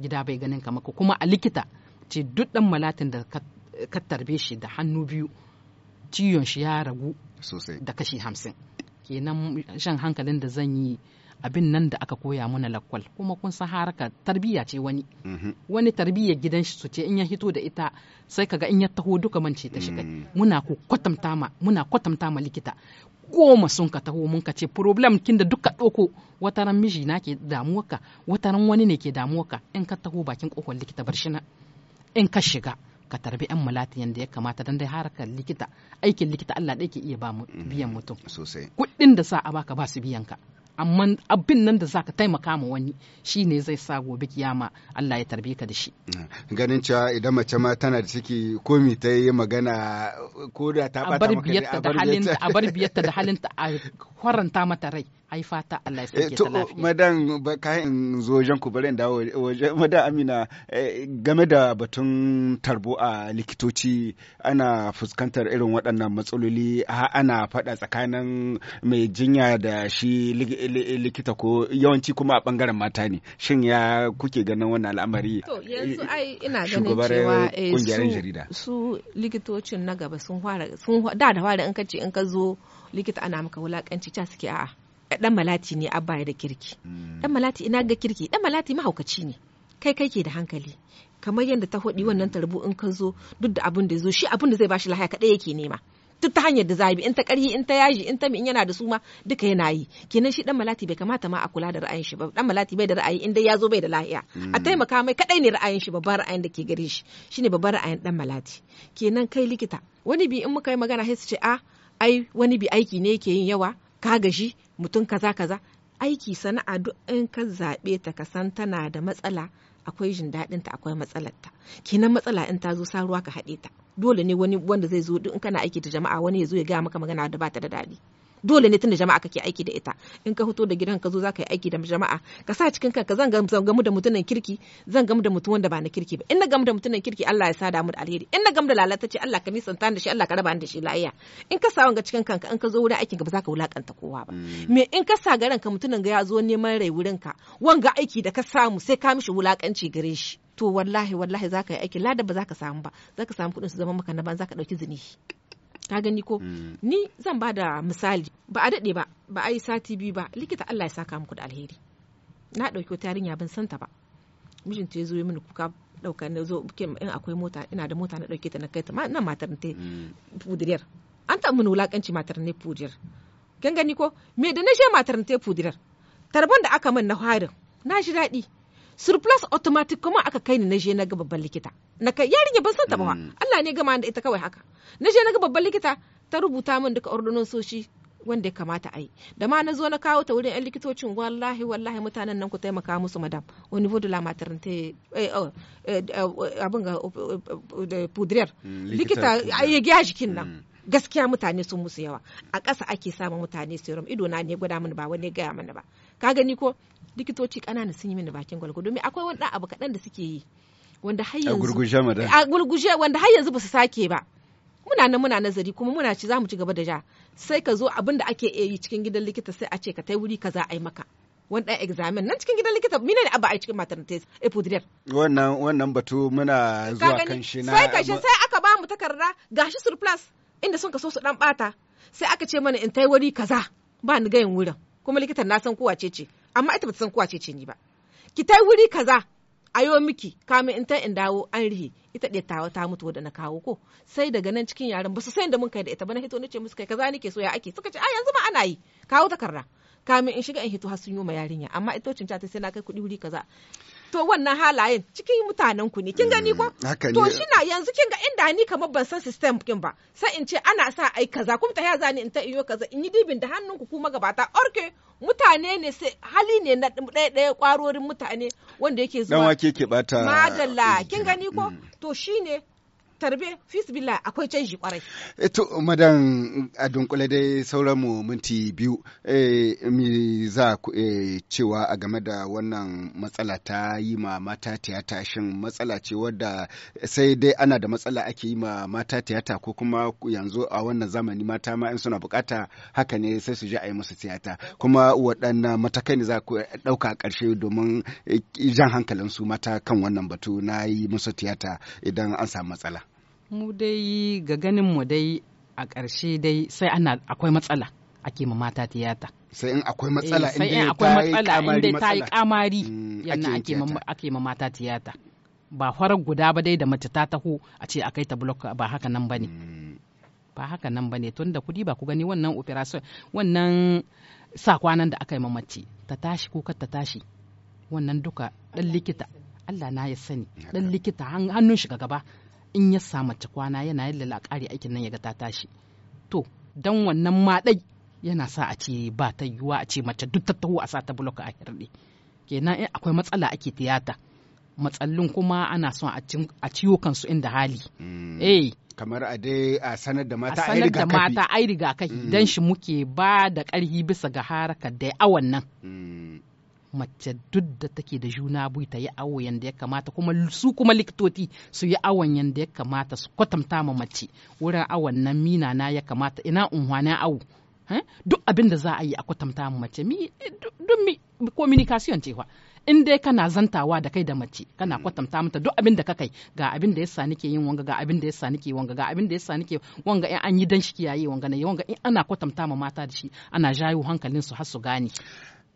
gida bai ganin ka maka kuma a likita ce duk dan malatin da ka tarbe shi da hannu biyu ciyon shi ya ragu sosai da kashi hamsin kenan shan hankalin da zan yi abin nan da aka koya mana lakwal kuma kun san haraka tarbiyya ce wani mm-hmm. wani tarbiya gidan su ce in ya hito da ita sai kaga in ya taho duka mance ta shiga mm. muna ku kwatamta ma muna kwatamta ma likita goma sun ka taho mun ka ce problem kin da duka ɗoko wata ran miji na ke ka wata ran wani ne ke ka in ka taho bakin kokon likita bar na in ka shiga ka tarbi yan malati yanda ya kamata dan dai harkar likita aikin likita Allah da ke iya ba mm. biyan mutum sosai kuɗin da sa a baka ba su biyan ka amma abin nan da za ka taimaka ma wani shi ne zai sa gobe kiyama Allah ya tarbe ka da shi. Ganin cewa idan mace ma tana da ciki komi ta yi magana ko da ta bata maka a bar biyarta da halinta a [LAUGHS] kwaranta mata rai. ai fata Allah ya eh, sake ta lafiya madan kayan zo wajen ku bari dawo wajen madan Amina eh, game da batun tarbo a likitoci ana fuskantar irin waɗannan matsaloli ana faɗa tsakanin mai jinya da shi likita ko yawanci kuma a bangaren mata ne shin ya kuke ganin wannan al'amari to yanzu ai ina ganin cewa eh, su likitocin na gaba sun fara sun da da fara in ka ce in ka zo likita ana maka wulakanci ca suke a'a dan malati ne abba ya da kirki hmm. dan malati ina ga kirki dan malati mahaukaci ne kai kai ke da hankali kamar yadda ta hodi wannan tarbu in ka zo duk da abin da zo shi abin da zai bashi lahaya kadai yake nema duk ta hanyar da za bi in ta karhi in ta yaji in ta in yana da suma duka yana yi kenan shi dan malati bai kamata ma a kula da ra'ayin shi ba dan malati bai da ra'ayi in dai ya zo bai da lahiya a hmm. taimaka mai kadai ne ra'ayin shi babban ra'ayin da ke gare shi shine babban ra'ayin dan malati kenan kai likita wani bi in muka yi magana sai su ce a ah, ai wani bi aiki ne yake yin yawa ka gaji mutum kaza kaza aiki sana'a duk in ka zaɓe ta ka san tana da matsala akwai jin daɗin ta akwai matsalar ta kenan matsala in ta zo ruwa ka haɗe ta dole ne wani wanda zai zo duk in kana aiki da jama'a wani ya zo ya gaya maka magana da bata da daɗi dole ne tunda jama'a kake aiki da ita in ka fito da gidan ka zo za ka yi aiki da jama'a ka sa cikin kanka zan gamu da mutumin kirki zan gamu da mutum wanda ba na kirki ba in na gamu da mutumin kirki Allah ya sada mu da alheri in na gamu da lalatacce Allah ka nisanta da shi Allah ka raba da shi lafiya in ka sa wanga cikin kanka in ka zo wurin aikin ka ba za ka wulakanta kowa ba mm. me in ka sa garan ka mutumin ga ya zo neman rai wurin ka wanga aiki da ka samu sai ka mishi wulakanci gare shi to wallahi wallahi za ka yi aiki lada ba za ka samu ba za ka samu kuɗin su zama maka na ban ka dauki zini ka gani ko mm. ni zan ba da misali ba a daɗe ba ba a yi sati biyu ba likita Allah ya saka muku da alheri na ɗauki wata yarinya ban santa ba mijinta ya zo ya mini kuka ɗauka na zo in akwai mota ina da mota na ɗauke ta na kai ta nan matar ta mm. pudiriyar an ta mini wulakanci matar ne fudiriyar kin gani ko me da na she matar ta fudiriyar tarbon da aka min na harin na ji daɗi surplus automatic kuma aka kai ni na je na ga babban likita na kai yarinya ban san ta ba mm. Allah ne gama da ita kawai haka na je na ga babban likita ta rubuta min duka soshi wanda ya kamata a yi da ma na zo na kawo ta wurin 'yan likitocin wallahi wallahi mutanen nan ku taimaka musu madam wani vodu la yi eh, oh, eh, eh, oh, abin ga pudriyar mm, likita ya gya jikin nan mm. gaskiya mutane sun musu yawa a ƙasa ake samun mutane serum ido na ne gwada mini ba wani gaya mana ba ka gani ko likitoci kanana sun yi mini bakin gwalgo domin akwai wani abu kaɗan da suke yi wanda har yanzu a gurguje madan a gurguje wanda har yanzu ba su sake ba muna nan muna nazari kuma muna ci za mu ci gaba da ja sai ka zo abin da ake yi cikin gidan likita sai a ce ka tai wuri kaza a yi maka wani ɗan examen nan cikin gidan likita mine ne abu a cikin maternity epidural wannan wannan batu muna zuwa kan shi na sai shi sai aka ba mu takarda gashi surplus inda sun kaso su dan bata sai aka ce mana in tai wuri kaza ba ni gayin wurin kuma likitan na san kowace ce amma ita bata san kowa ce ce ni ba ki tai wuri kaza ayo miki kamin in ta in dawo an rihe ita ɗaya tawa ta mutu wadda na kawo ko sai daga nan cikin yaran ba su san da mun kai da ita ba na hito ce musu kai kaza nake so ya ake suka ce a yanzu ma ana yi kawo takarda kamin in shiga in hito har sun yi ma yarinya amma ita wacin ta sai na kai kuɗi wuri kaza to wannan halayen cikin mutanen ku ne kin gani ko mm, to shi na yanzu kin ga inda ni kamar ban san system kin ba sai in ce ana sa ai kaza kuma ta yaza ni in ta iyo kaza in yi dibin da hannun ku kuma gabata orke mutane ne sai hali ne na ɗaya ɗaya kwarorin mutane wanda yake zuwa dan wake ke bata madalla kin gani ko mm. to shine tarbe fisbila akwai canji kwarai. Eto eh, madan a dunkule dai sauran mu minti biyu eh, mi za ku eh, cewa a game da wannan matsala ta yi ma mata tiyata shin matsala ce wadda sai dai ana da matsala ake yi ma mata tiyata ko kuma yanzu a wannan zamani mata ma in suna bukata haka ne sai su je a yi musu tiyata kuma waɗannan matakai ne za ku ɗauka a ƙarshe domin jan hankalin su mata kan wannan batu na yi musu tiyata idan an samu matsala. mu dai ga ganin mu dai a ƙarshe dai sai ana akwai matsala ake ma mata tiyata sai in akwai matsala eh, sai in akwai inda ta yi kamari mm, yana ake ma mata tiyata ba farar guda ba dai da mace ta taho a ce a kai ta block ba haka nan ba ne mm. ba haka nan ba ne tun da kudi ba ku gani wannan operation wannan sa kwanan da aka yi ma mace ta tashi ko ta tashi wannan duka dan likita Allah na ya sani dan likita hannun shi gaba in ya samu mace kwana yana yin lalakari aikin nan ya ga ta tashi to dan wannan ma yana sa a ce ba ta yiwuwa a ce mace duk ta taho a sa ta block a hirɗe kenan in akwai matsala ake tiyata matsalin kuma ana son a ciwo kansu inda hali mm. eh kamar a dai a sanar da mata a sanar da mata ai kafi dan mm. shi muke ba da ƙarfi bisa ga harakar da awan nan mm. mace duk da take da juna bui ta yi awo yanda ya kamata kuma su kuma likitoci su yi awon yanda ya kamata su kwatanta ma mace wurin awon nan mina na ya kamata ina unhwana awo eh? duk abin da za a yi a kwatanta ma mace mi duk mi communication ce fa in dai kana zantawa da kai da mace kana kwatanta mata duk abin da ka kai ga abin da yasa nake yin wanga ga abin da yasa nake wanga ga abin da yasa nake wanga in an yi dan shi kiyaye wanga ne wanga in ana kwatanta ma mata da shi ana jayo hankalin su har su gane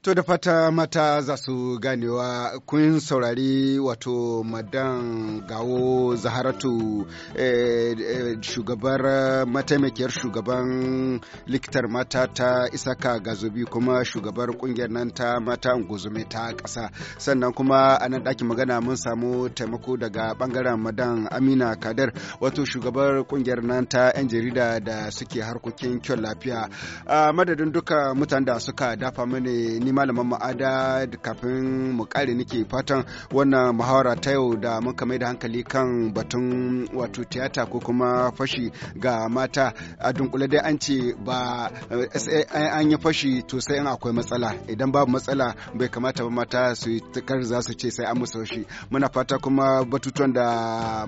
To da fata mata za su ganewa kun saurari wato madan gawo zaharatu eh, eh, shugabar mataimakiyar shugaban likitar mata ta isaka gazobi kuma shugabar kungiyar nan ta mata guzume ta ƙasa sannan kuma a nan ɗakin magana mun samu taimako daga ɓangaren madan amina kadar wato shugabar kungiyar nan ta 'yan jarida da suke harkokin kyon lafiya madadin duka mutanen da suka dafa mini. malaman ma'ada kafin mu kare nake fatan wannan muhawara ta yau da muka mai da hankali kan batun wato tiyata ko kuma fashi ga mata a dunkule dai an ce ba eh, eh, an yi fashi to sai in akwai matsala idan babu matsala bai kamata ba mata su tukar za su ce sai an musu fashi muna fata kuma batutuwan da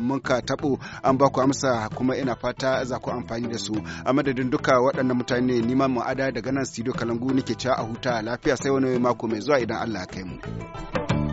muka tabo an ba ku amsa kuma ina fata za ku amfani da su a madadin duka waɗannan mutane neman ma'ada daga nan studio kalangu nake cewa a huta lafiya sai wani mako mai zuwa idan Allah ya kai mu.